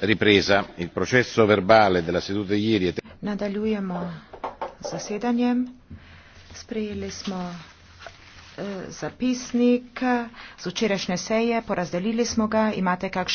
ripresa il processo verbale della seduta di ieri nadaljujemo zasedanjem sprejeli smo eh, zapisnik z včerajšnje seje porazdelili smo ga imate kakšno pripombo?